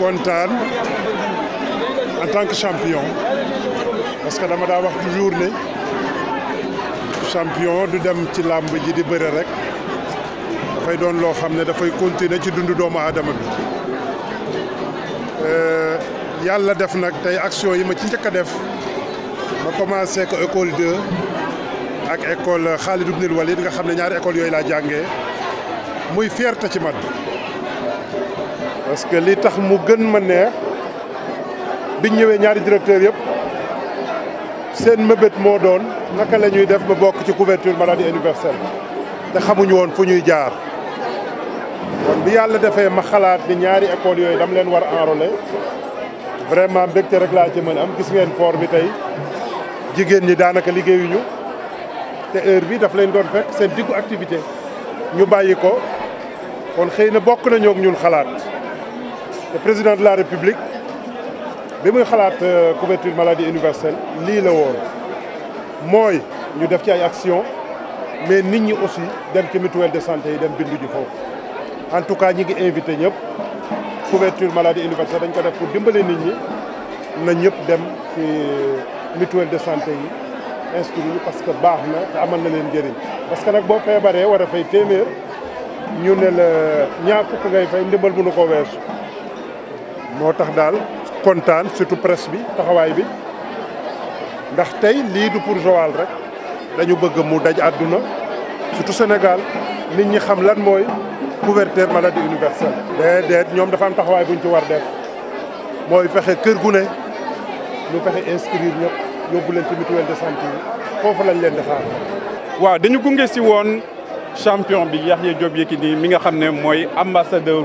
kontaan en tant que champion parce que dama da wax toujours ne champion du dem ci lamb ji di beure rek fay doon lo xam da fay continuer ci dundu doomu adama bi euh, yalla def nak tay action yi ma ci njëkk def ma commencé ko école 2 ak école Khalid Ibn Walid nga xam ñaari école yoy la jangé muy fierté ci man parce que li tax mu gën ma neex bi ñëwé ñaari directeur yëpp seen mebet mo doon naka lañuy def ba bok ci couverture maladie universelle te xamuñu won fu ñuy jaar kon bi yalla défé ma xalaat ni ñaari école yoy dam leen war enrôler vraiment bëkté rek la ci mëna am gis ngeen for bi tey jigéen ñi daanaka liggéeyuñu te heure bi daf leen doon fekk seen diggu activité ñu bayiko kon xeyna na nañu ak ñun xalaat le président de la république bi à la euh, couverture maladie universelle ce la woon mooy ñu def ci action mais nous ñi aussi dem ci mutuelles de santé en tout cas nous ngi invité la couverture maladie universelle nous ko def pour mutuelles nit ñi de santé yi parce que nous na te amal na parce que nous on a fay moo tax daal kontaan surtout presse bi taxawaay bi ndax tey lii du pour Joal rek dañu bëgg mu daj àdduna surtout Sénégal nit ñi xam lan mooy couverture maladie universelle. déedéet ñoom dafa am taxawaay bu ñu ci war def mooy fexe kër gu ne ñu fexe inscrire ñëpp yóbbu leen ci mutuelle de santé yi foofu lañ leen di xaar. waaw dañu gunge si woon champion bi Yaxya Diop Yékini mi nga xam ne mooy ambassadeur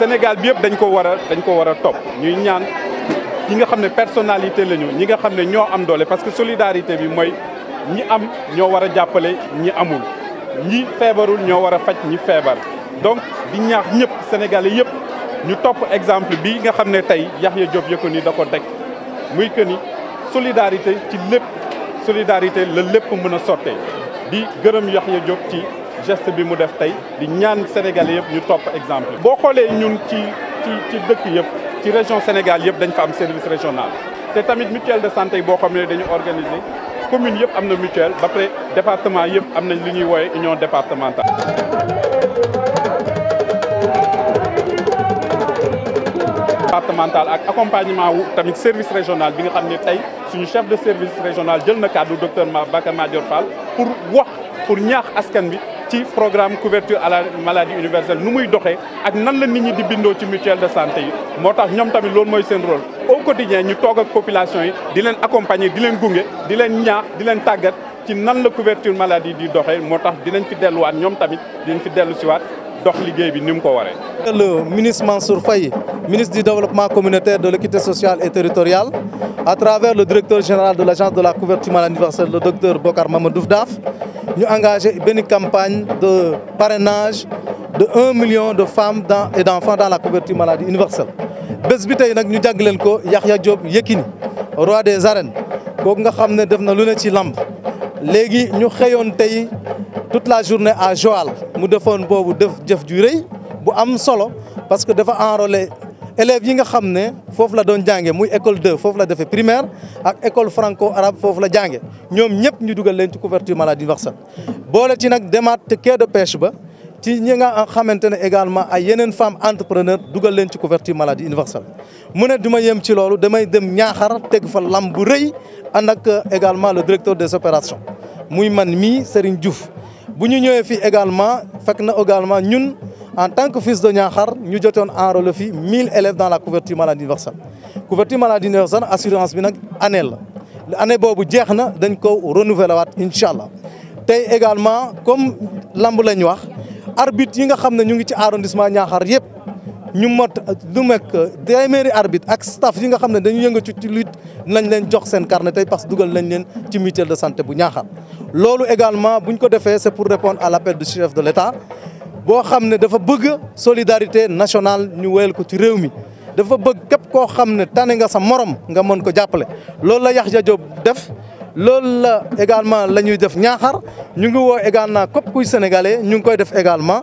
Sénégal bi yëpp dañ ko war a dañ ko war a topp ñuy ñaan ñi nga xam ne personnalité la ñu ñi nga xam ne ñoo am doole parce que solidarité bi mooy ñi am ñoo war a jàppale ñi amul ñi feebarul ñoo war a faj ñi feebar donc di ñaax ñëpp sénégalais yëpp ñu topp exemple bi nga xam ne tey Yaxya Diop ni da ko teg muy que ni solidarité ci lépp solidarité la lépp mën a sottee di gërëm Yahya Diop ci geste bi mu def tay di ñaan Sénégalais yëpp ñu top exemple bo xolé ñun ci ci ci dëkk yëpp ci région Sénégal yëpp dañ fa am service régional té tamit mutuelle de santé bo xamné dañu organiser commune yëpp amna mutuelle ba pré département yëpp am li union départementale départemental ak accompagnement wu tamit service régional bi nga xamné tay suñu chef de service régional jël na cadre docteur Mbacké Madior Fall pour wax pour ñaax askan bi ci programme couverture à la maladie universelle nu muy doxee ak nan la nit ñi di bindoo ci mutuelle de santé yi moo tax ñoom tamit loolu mooy seen rôle au quotidien ñu toog ak population yi di leen accompagner di leen gunge di leen ñaax di leen tàggat ci nan la couverture maladie di doxee moo tax dinañ fi delluwaat ñoom tamit dinañ fi dellu siwaat le ministre Mansour Faye ministre du développement communautaire de l'équité sociale et territoriale à travers le directeur général de l'agence de la couverture maladie universelle le docteur Bokar Mamadou nous ñu engagé campagne de parrainage de 1 million de femmes et d'enfants dans la couverture maladie universelle. ñu ko Diop Yekini roi des arènes nga ci lamb ñu toute la journée à Joal mu defone bobu def def ju reuy bu am solo parce que dafa enrôler élèves yi nga xamné fofu la doon jangé muy école 2 fofu la defee primaire ak école franco arabe fofu la jangé ñom ñëpp ñu duggal leen ci couverture maladie universel. boole ci nak demaat te quai de pêche ba ci ñi nga également ay yenen femme entrepreneur duggal leen ci couverture maladie universelle mu ne duma yem ci lolu damay dem ñaaxar tegg fa lam reuy rëy ak également le directeur des opérations muy man mi Serigne Diouf nous, ñu également également en tant que fils de Nyahar, nous avons enrôlé 1000 élèves dans la couverture maladie La couverture maladie universelle assurance bi annuelle. année la nous est la renouveler Inch'Allah. Et également comme lamb l'arbitre wax arbitre yi nga sommes dans l'arrondissement ngi ñu mot lu mekk téeméeri arbitre ak staff yi nga xam ne dañu yënga ci lutte nañ leen jox seen carnet tey parce que dugal nañ leen ci mutuelle de santé bu ñaaxar loolu également buñ ko defee c'est pour répondre à l'appel du chef de l'État boo xam ne dafa bëgg solidarité nationale ñu wéyal ko ci réew mi dafa bëgg képp koo xam ne tane nga sa morom nga mën ko jàppale loolu la Yaxya Diop def loolu la également la ñuy def ñaaxar ñu ngi woo également képp kuy sénégalais ñu ngi koy def également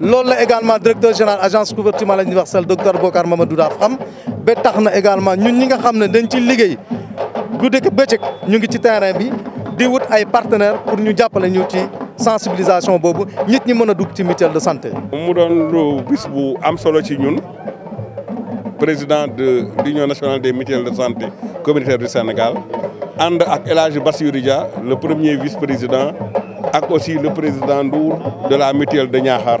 loolu la également directeur général agence couverture maladie universelle docteur Bocar Mamadou Daaf xam ba tax na également ñun ñi nga xam ne dañ ci liggéey guddi ak bëccëg ñu ngi ci terrain bi di wut ay partenaires pour ñu jàppale ñu ci sensibilisation boobu nit ñi mën a dug ci mutuelle de santé. mu doon lu bis bu am solo ci ñun président de l'union nationale des mutuelles de santé communautaire du Sénégal ànd ak El Hadj le premier vice président ak aussi le président Ndour de la de Niakhar.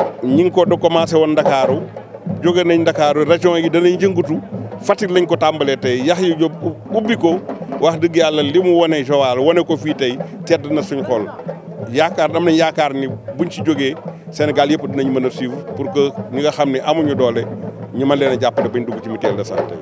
ñi ngi ko do commencé woon ndakaaru jóge nañ ndakaaru région yi danañ jëngatu Fatick lañ ko tàmbalee tey yax yu jóg ubbiko wax dëgg yàlla li mu wane Joal wane ko fii tey tedd na suñ xol yaakaar am nañ yaakaar ni buñ ci jógee Sénégal yëpp dinañ mën a suivre pour que ñi nga xam ne amuñu doole ñu mën leen a jàppale bañ dugg ci mutuelle de santé